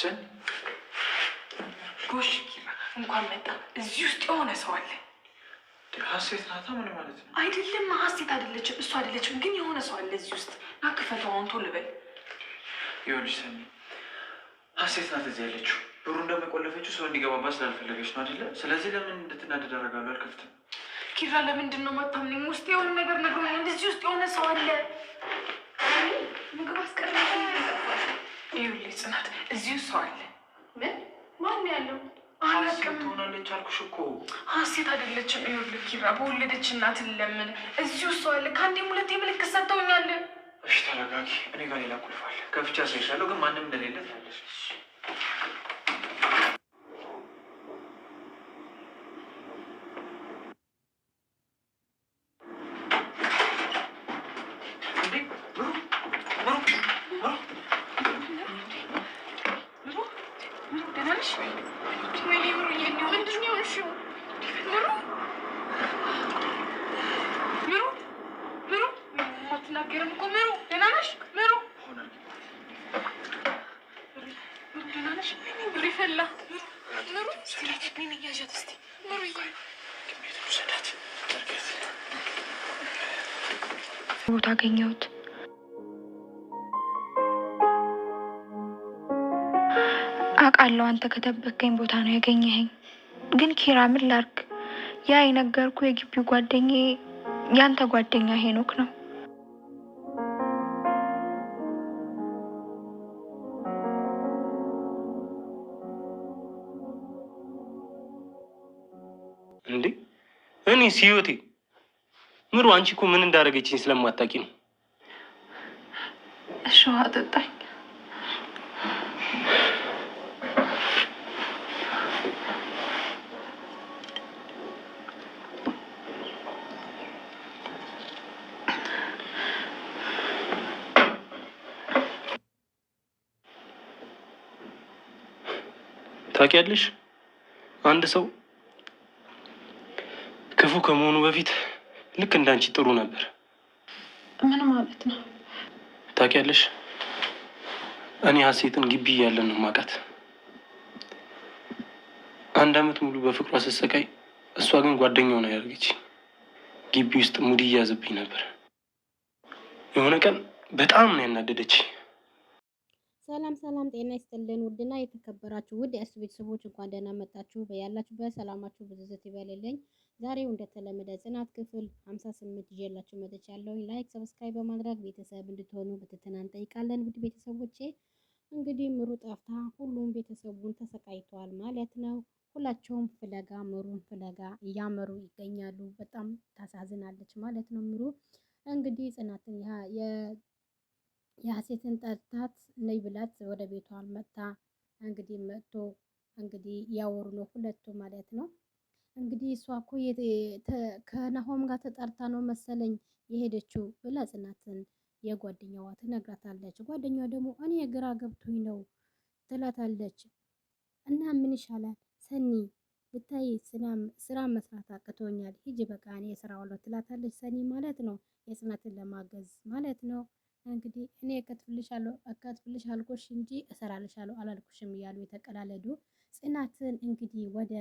ስን ጎሽ ኪራ እንኳን መጣ። እዚህ ውስጥ የሆነ ሰው አለ። ሀሴት ናታ። ምን ማለት ነው? አይደለም ሀሴት አይደለችም፣ እሱ አይደለችም፣ ግን የሆነ ሰው አለ እዚህ ውስጥ ና ክፈተው። አሁን ቶሎ በል። ይኸውልሽ ሰኒ፣ ሀሴት ናት እዚህ ያለችው። ብሩ እንደመቆለፈችው ሰው እንዲገባባት ስላልፈለገች ነው አይደለ? ስለዚህ ለምን እንድትናደድ አደርጋለሁ። አልከፍትም። ኪራ፣ ለምንድን ነው ማታምነኝ? ውስጥ የሆነ ነገር ነግሮኛል። እዚህ ውስጥ የሆነ ሰው አለ። ምግብ አስቀር ይኸውልሽ ጽናት እዚሁ ሰው አለ። ምን ማን ያለው? አላውቅም። ትሆናለች አልኩሽ እኮ ሀሴት አይደለችም። ይኸውልህ ኪራ በወለደች እናትን ለምን እዚሁ ሰው አለ። ከአንዴም ሁለቴ ምልክት ሰጥተውኛል። እሺ ተረጋጊ። እኔ ጋር ሌላ ቁልፍ አለ ከፍቻ ሰው ግን ማንም እንደሌለ ታለሽ እኔን እያዣት እስቲ ቦታ አገኘሁት። አውቃለሁ አንተ ከተበከኝ ቦታ ነው ያገኘኸኝ። ግን ኪራ ምን ላርግ? ያ የነገርኩ የግቢው ጓደኛዬ ያንተ ጓደኛ ሄኖክ ነው። ሚንስ ሲዮቴ ምሩ አንቺ እኮ ምን እንዳደረገችኝ ስለማታውቂ ነው። እሺ ውሃ ጠጣኝ። ታውቂያለሽ አንድ ሰው ክፉ ከመሆኑ በፊት ልክ እንዳንቺ ጥሩ ነበር። ምን ማለት ነው? ታውቂያለሽ፣ እኔ ሀሴትን ግቢ እያለን ነው ማውቃት። አንድ አመት ሙሉ በፍቅሯ ስትሰቃይ፣ እሷ ግን ጓደኛው ነው ያደርገች። ግቢ ውስጥ ሙድ እያዝብኝ ነበር። የሆነ ቀን በጣም ነው ያናደደች ሰላም ሰላም፣ ጤና ይስጥልን ውድና የተከበራችሁ ውድ የእሱ ቤተሰቦች እንኳን ደህና መጣችሁ። በያላችሁበት ሰላማችሁ ብዙ ይበልልኝ። ዛሬው እንደተለመደ ጽናት ክፍል 58 ይዤላችሁ መጥቻለሁ። ላይክ ሰብስክራይብ በማድረግ ቤተሰብ እንድትሆኑ በትህትና እንጠይቃለን። ውድ ቤተሰቦቼ እንግዲህ ምሩ ጠፍታ ሁሉም ቤተሰቡን ተሰቃይተዋል ማለት ነው። ሁላቸውም ፍለጋ ምሩን ፍለጋ እያመሩ ይገኛሉ። በጣም ታሳዝናለች ማለት ነው። ምሩ እንግዲህ ጽናትን የሀሴትን ጠርታት ነይ ብላት ወደ ቤቷ መታ እንግዲህ መጥቶ እንግዲህ ያወሩ ነው ሁለቱ ማለት ነው። እንግዲህ እሷ እኮ ከናሆም ጋር ተጠርታ ነው መሰለኝ የሄደችው ብላ ጽናትን የጓደኛዋ ትነግራታለች። ጓደኛዋ ደግሞ እኔ ግራ ገብቶኝ ነው ትላታለች። እና ምን ይሻላል ሰኒ ብታይ ስራ መስራት አቅቶኛል፣ ሂጂ በቃ እኔ ስራ ዋለሁ ትላታለች። ሰኒ ማለት ነው የጽናትን ለማገዝ ማለት ነው። እንግዲህ እኔ እከትፍልሽ አልኩሽ እንጂ እሰራልሻለሁ አላልኩሽም እያሉ የተቀላለዱ ጽናትን እንግዲህ ወደ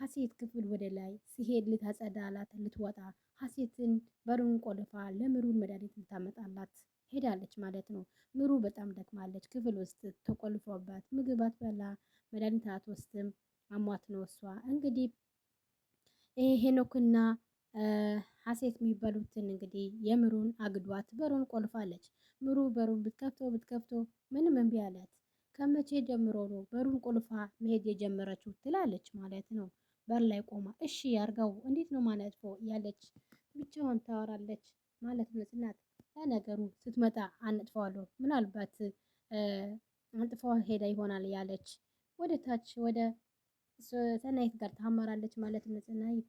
ሀሴት ክፍል ወደ ላይ ሲሄድ ልታጸዳላት ልትወጣ ሀሴትን በሩን ቆልፋ ለምሩን መድኃኒት ልታመጣላት ሄዳለች ማለት ነው። ምሩ በጣም ደክማለች። ክፍል ውስጥ ተቆልፎባት ምግብ አትበላ መድኃኒት አትወስድም። አሟት ነው እሷ እንግዲህ ሄኖክና ሀሴት የሚባሉትን እንግዲህ የምሩን አግዷት በሩን ቆልፋለች። ምሩ በሩን ብትከፍቶ ብትከፍቶ ምንም እምቢ አላት። ከመቼ ጀምሮ ነው በሩን ቆልፋ መሄድ የጀመረችው ትላለች ማለት ነው። በር ላይ ቆማ እሺ ያርጋው እንዴት ነው ማለት ነው ያለች ብቻዋን ታወራለች ማለት ነው ጽናት። ለነገሩ ስትመጣ አንጥፈዋለሁ ምናልባት አንጥፈዋ ሄዳ ይሆናል ያለች ወደ ታች ወደ ሰናይት ጋር ታመራለች ማለት ነው ጽናት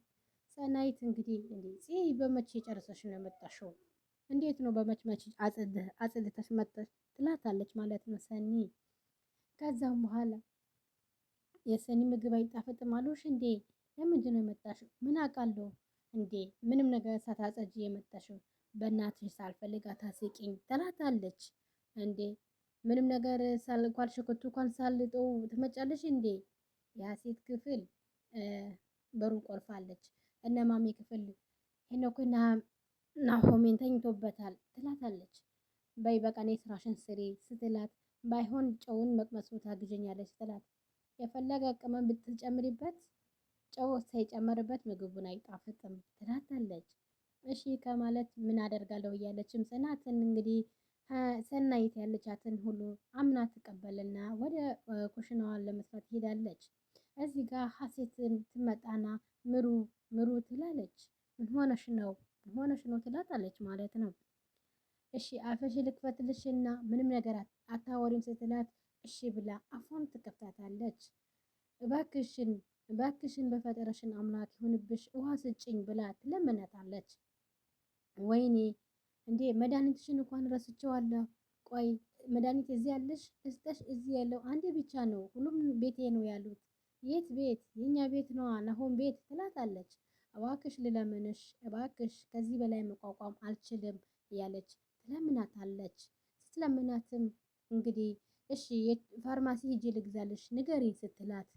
ሰናይት እንግዲህ እንደዚህ በመቼ ጨርሰሽ ነው የመጣሽው? እንዴት ነው በመች መች አጽድተሽ መጥተሽ ትላታለች ማለት ነው ሰኒ። ከዛም በኋላ የሰኒ ምግብ አይጣፈጥም አሉሽ እንዴ? ለምንድን ነው የመጣሽው? ምን አውቃለሁ እንዴ? ምንም ነገር ሳታጸጂ የመጣሽው በእናትሽ ሳልፈልግ አታስቂኝ ትላታለች። እንዴ ምንም ነገር ሳልኳል ሽክቱ እንኳን ሳልጠው ትመጫለሽ እንዴ? የሀሴት ክፍል በሩን ቆልፋለች። እነ ማሚ ክፍል ሄኖክና ናሆሜን ተኝቶበታል ትላታለች። በይ በቃ እኔ ስራሽን ስሪ ስትላት፣ ባይሆን ጨውን መቅመሱ ታግዘኛለች ትላት። የፈለገ ቅመም ብትጨምሪበት ጨው ሳይጨመርበት ምግቡን አይጣፍጥም ትላታለች። እሺ ከማለት ምን አደርጋለሁ እያለችም ጽናትን እንግዲህ ሰናይት ያለቻትን ሁሉ አምና ትቀበልና ወደ ኩሽናዋን ለመስራት ትሄዳለች። እዚህ ጋር ሀሴትን ትመጣና ምሩ ምሩ ትላለች። ምን ሆነሽ ነው ምን ሆነሽ ነው ትላታለች ማለት ነው። እሺ አፈሽ ልክፈትልሽና ምንም ነገር አታወሪም ስትላት እሺ ብላ አፏን ትከፍታታለች። እባክሽን እባክሽን በፈጠረሽን አምላክ ይሁንብሽ ውሃ ስጭኝ ብላ ትለምናታለች። ወይኔ እንዴ መድኃኒትሽን እንኳን ረስቼዋለሁ። ቆይ መድኃኒት እዚህ ያለሽ እስጠሽ እዚህ ያለው አንዴ ብቻ ነው። ሁሉም ቤቴ ነው ያሉት። የት ቤት? የኛ ቤት ነዋ፣ ናሆም ቤት ትላታለች። እባክሽ ልለምንሽ፣ እባክሽ ከዚህ በላይ መቋቋም አልችልም እያለች ትለምናታለች። ስትለምናትም እንግዲህ እሺ ፋርማሲ ሂጂ ልግዛልሽ ንገሪ ስትላት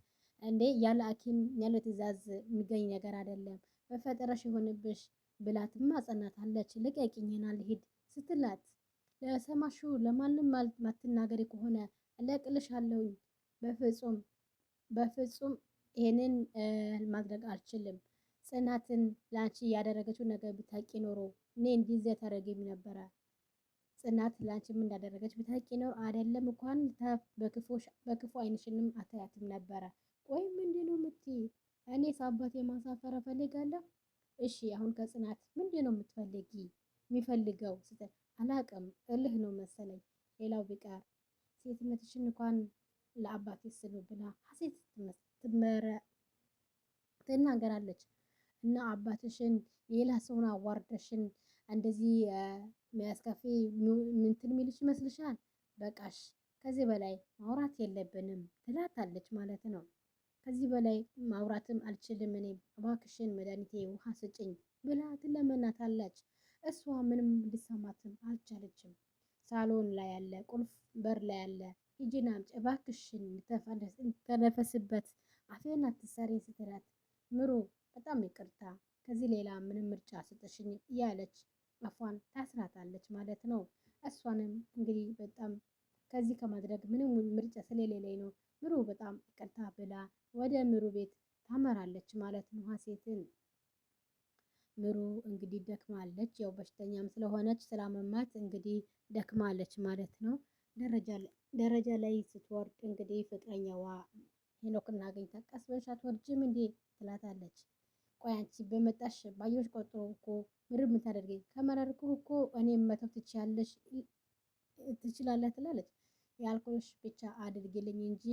እንዴ ያለ ሐኪም ያለ ትዕዛዝ የሚገኝ ነገር አይደለም መፈጠረሽ የሆንብሽ ብላትም አጸናታለች። ልቀቂኝና ልሂድ ስትላት ለሰማሹ ለማንም ማትናገሪ ከሆነ አለውኝ። በፍጹም በፍጹም ይሄንን ማድረግ አልችልም ጽናትን ላንቺ ያደረገችው ነገር ብታቂ ኖሮ እኔ እንዲህ ታደርጊም ነበረ። ጽናት ላንቺ ምን እንዳደረገች ብታቂ ኖሮ አይደለም እንኳን በክፉ አይንሽንም አታያትም ነበረ። ቆይ ምንድን ነው የምትይ? እኔ ሳባቴ የማሳፈር እፈልጋለሁ። እሺ አሁን ከጽናት ምንድን ነው የምትፈልጊ? የሚፈልገው ስትል አላቅም፣ እልህ ነው መሰለኝ። ሌላው ቢቀር ሴትነትሽን እንኳን ለአባቴ ስሉ ብላ ሀሴት ትናገራለች። እና አባትሽን ሌላ ሰውን አዋርደሽን እንደዚህ የሚያስከፊ እንትን የሚልሽ ይመስልሻል? በቃሽ፣ ከዚህ በላይ ማውራት የለብንም ትላታለች ማለት ነው። ከዚህ በላይ ማውራትም አልችልም እኔ እባክሽን መድኃኒቴ ውሃ ስጭኝ ብላ ትለመናታለች። እሷ ምንም ልሰማትም አልቻለችም። ሳሎን ላይ ያለ ቁልፍ በር ላይ ያለ ሂጂና አምጪ እባክሽን ተነፈስበት አፌን አትሰሪ ስትላት ምሩ በጣም ይቅርታ ከዚህ ሌላ ምንም ምርጫ ስጥሽኝ እያለች አፏን ታስራታለች ማለት ነው። እሷንም እንግዲህ በጣም ከዚህ ከማድረግ ምንም ምርጫ ስለሌለኝ ነው ምሩ በጣም ይቅርታ ብላ ወደ ምሩ ቤት ታመራለች ማለት ነው ሀሴትን። ምሩ እንግዲህ ደክማለች፣ ያው በሽተኛም ስለሆነች ስላመማት እንግዲህ ደክማለች ማለት ነው። ደረጃ ላይ ስትወርድ እንግዲህ ፍቅረኛዋ ሄኖክን አግኝታ ቀስ በልሽ አትወርጅም እንዴ ትላታለች። ቆይ አንቺ በመጣሽ ባየሁሽ ቆጥሮ እኮ ምርር የምታደርገኝ ከመረርኩህ እኮ እኔ መተው ትችያለሽ ትችላለህ ትላለች። ያልኩሽ ብቻ አድርግልኝ እንጂ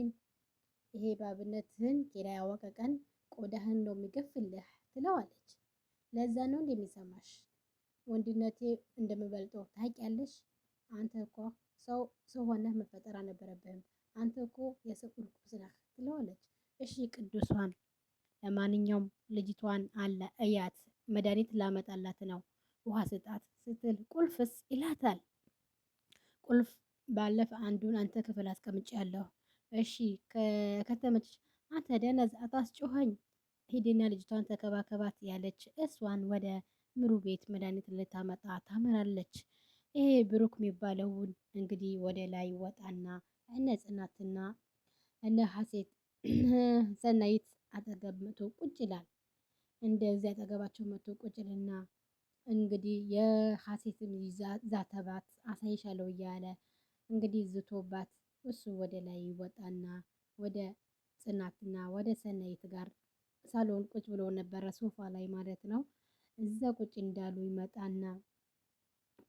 ይሄ ባብነትህን ቄዳ ያወቀ ቀን ቆዳህን ነው የሚገፍልህ ትለዋለች። ለዛ ነው እንደሚሰማሽ ወንድነቴ እንደምበልጠው ታውቂያለሽ። አንተ እኮ ሰው ሰው ሆነህ መፈጠር አልነበረብህም። አንተ እኮ የሰው እርኩስ ነህ ትለዋለች። እሺ ቅዱሷን ለማንኛውም ልጅቷን አለ እያት መድኃኒት ላመጣላት ነው ውሃ ስጣት ስትል ቁልፍስ ይላታል። ቁልፍ ባለፈ አንዱን አንተ ክፍል ያለሁ እሺ ከተመች አንተ ደነዝ አታስጮኸኝ፣ ሂድና ልጅቷን ተከባከባት ያለች እሷን ወደ ምሩ ቤት መድኃኒት ልታመጣ ታመራለች። ይሄ ብሩክ የሚባለውን እንግዲህ ወደ ላይ ወጣና እነ ጽናትና እነ ሀሴት ሰናይት አጠገብ መቶ ቁጭ ይላል። እንደዚህ አጠገባቸው መቶ ቁጭ ይልና እንግዲህ የሀሴትን ዛተባት አሳይሻለሁ እያለ እንግዲህ ዝቶባት እሱ ወደ ላይ ይወጣና ወደ ጽናትና ወደ ሰናይት ጋር ሳሎን ቁጭ ብሎ ነበረ፣ ሶፋ ላይ ማለት ነው። እዛ ቁጭ እንዳሉ ይመጣና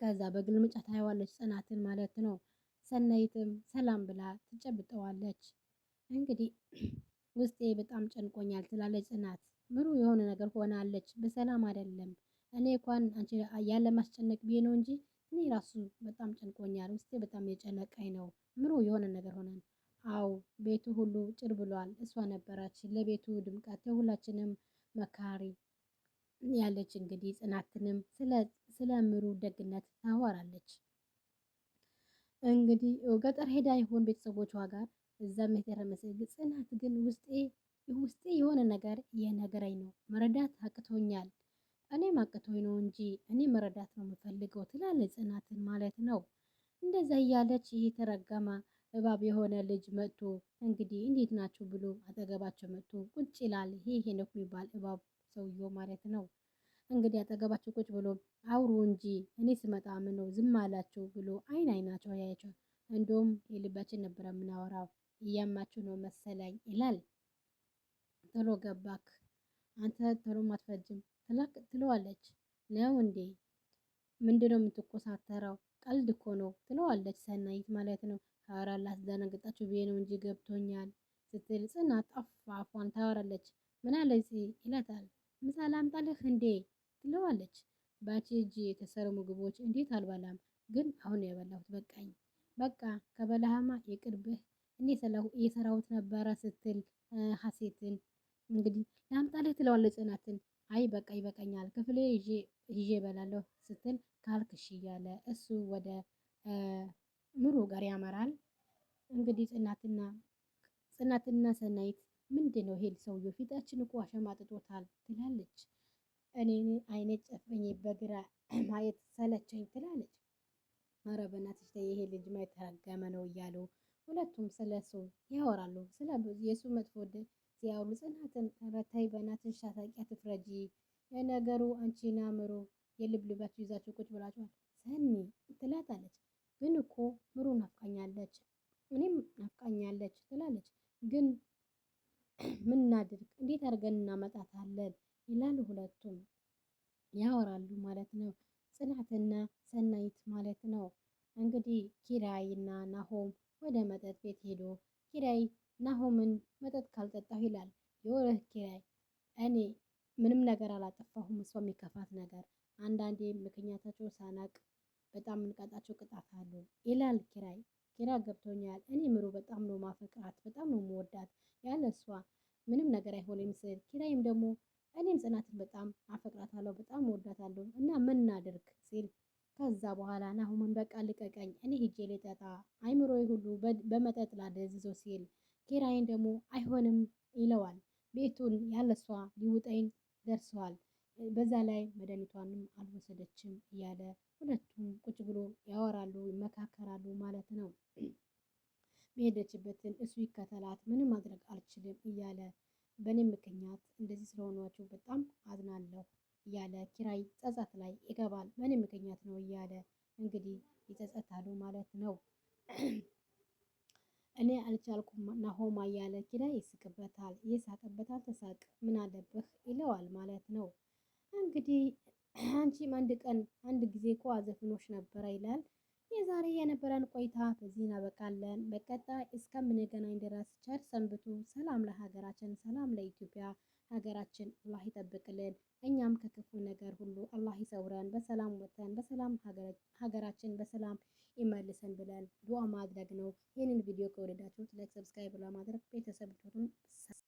ከዛ በግልምጫ ታየዋለች ጽናትን ማለት ነው። ሰናይትም ሰላም ብላ ትጨብጠዋለች እንግዲህ ውስጤ በጣም ጨንቆኛል ትላለች ጽናት። ምሩ የሆነ ነገር ሆናለች፣ በሰላም አይደለም። እኔ እንኳን አንቺ ያለ ማስጨነቅ ብዬ ነው እንጂ እኔ ራሱ በጣም ጨንቆኛል፣ ውስጤ በጣም የጨነቀኝ ነው። ምሩ የሆነ ነገር ሆነን አው ቤቱ ሁሉ ጭር ብሏል። እሷ ነበረች ለቤቱ ድምቀት፣ የሁላችንም መካሪ ያለች እንግዲህ ጽናትንም ስለ ምሩ ደግነት ታወራለች። እንግዲህ ገጠር ሄዳ ይሆን ቤተሰቦቿ ጋር እዛም የተረመሰ ጽናት ግን ውስጤ ውስጤ የሆነ ነገር እየነገረኝ ነው። መረዳት አቅቶኛል። እኔም አቅቶኝ ነው እንጂ እኔ መረዳት ነው የምፈልገው ትላለች ጽናትን ማለት ነው። እንደዛ እያለች ይህ የተረገመ እባብ የሆነ ልጅ መጥቶ እንግዲህ እንዴት ናችሁ ብሎ አጠገባቸው መጥቶ ቁጭ ይላል። ይሄ ሄኖክ የሚባል እባብ ሰውየው ማለት ነው። እንግዲህ አጠገባቸው ቁጭ ብሎ አውሩ እንጂ እኔ ስመጣ ምነው ዝም አላችሁ ብሎ አይን አይናቸው ያያቸው። እንደውም የልባችን ነበረ የምናወራው እያማችሁ ነው መሰለኝ ይላል። ቶሎ ገባክ አንተ ቶሎ አትፈጅም ትለዋለች። ነው እንዴ ምንድነው የምትኮሳተረው? ቀልድ እኮ ነው ትለዋለች። ሰናይት ማለት ነው። ኧረ ላስደነግጣችሁ ብዬ ነው እንጂ ገብቶኛል ስትል ጽናት አፏን ታወራለች። ምን አለች ይላታል። ምሳ ላምጣልህ እንዴ ትለዋለች። ባቺ እጅ የተሰሩ ምግቦች እንዴት አልበላም፣ ግን አሁን የበላሁት በቃኝ። በቃ ከበላሃማ የቅርብህ እኔ የሰራሁት ነበረ ስትል ሀሴትን እንግዲህ ለአምጣልህ ትለዋለች ጽናትን። አይ በቃ ይበቃኛል፣ ክፍሌ ይዤ እበላለሁ ስትል ካልክሽ እያለ እሱ ወደ ምሩ ጋር ያመራል። እንግዲህ ጽናትና ጽናትና ሰናይት ምንድን ነው ሄድ ሰውዬው ፊታችን እኮ አሸማጥጦታል ትላለች። እኔ አይኔ ጨፍኝ በግራ ማየት ሰለቸኝ ትላለች። ኧረ በእናትሽ ይሄ ልጅ ማየት ተረገመ ነው እያሉ ሁለቱም ስለ እሱ ያወራሉ። ስለ የእሱ መጥፎ ሲያወሩ ጽናትን ረታይ በእናትሽ ሳታቂ አትፍረጂ፣ የነገሩ አንቺን አእምሮ የልብ ይዛችሁ ቁጭ ብላችኋል ሰኒ ትላታለች። ግን እኮ ምሩ ናፍቃኛለች፣ እኔም ናፍቃኛለች ትላለች። ግን ምናድርግ፣ እንዴት አድርገን እናመጣታለን ይላሉ። ሁለቱም ያወራሉ ማለት ነው፣ ጽናትና ሰናይት ማለት ነው። እንግዲህ ኪራይና ናሆም ወደ መጠጥ ቤት ሄዶ ኪራይ ናሆምን መጠጥ ካልጠጣሁ ይላል። የወረህ ኪራይ እኔ ምንም ነገር አላጠፋሁም፣ እሷ የሚከፋት ነገር አንዳንዴ ምክንያታቸው ሳናቅ በጣም የምንቀጣቸው ቅጣት አሉ ይላል ኪራይ። ኪራይ ኪራ ገብቶኛል እኔ ምሩ በጣም ነው ማፈቅራት፣ በጣም ነው መወዳት፣ ያለ እሷ ምንም ነገር አይሆንም ስል ኪራይም ደግሞ እኔም ጽናትን በጣም አፈቅራታለሁ፣ በጣም እወዳታለሁ እና ምን እናድርግ ሲል ከዛ በኋላ ናሁምን በቃ ልቀቀኝ፣ እኔ ሂጄ ልጠጣ፣ አይምሮዬ ሁሉ በመጠጥ ላደንዝዞ ሲል ኪራይን ደግሞ አይሆንም ይለዋል። ቤቱን ያለሷ ሊውጠኝ ደርሰዋል፣ በዛ ላይ መድኃኒቷንም አልወሰደችም እያለ ሁለቱም ቁጭ ብሎ ያወራሉ፣ ይመካከራሉ ማለት ነው። የሄደችበትን እሱ ይከተላት፣ ምንም ማድረግ አልችልም እያለ በእኔ ምክንያት እንደዚህ ስለሆኗችሁ በጣም አዝናለሁ እያለ ኪራይ ጸጸት ላይ ይገባል። በእኔ ምክንያት ነው እያለ እንግዲህ ይጸጸታሉ ማለት ነው። እኔ አልቻልኩም ናሆማ እያለ ኪራይ ይስቅበታል። ይሳቅበታል፣ ተሳቅ ምን አለብህ ይለዋል ማለት ነው። እንግዲህ አንቺም አንድ ቀን አንድ ጊዜ እኮ አዘፍኖች ነበረ ይላል። የዛሬ የነበረን ቆይታ በዚህ እናበቃለን። በቀጣይ እስከምንገናኝ ድረስ ቸር ሰንብቱ። ሰላም ለሀገራችን፣ ሰላም ለኢትዮጵያ። ሀገራችን አላህ ይጠብቅልን፣ እኛም ከክፉ ነገር ሁሉ አላህ ይሰውረን። በሰላም ወጥተን በሰላም ሀገራችን በሰላም ይመልሰን ብለን ዱዓ ማድረግ ነው። ይህንን ቪዲዮ ከወደዳችሁት ላይክ፣ ሰብስክራይብ ለማድረግ ቤተሰብ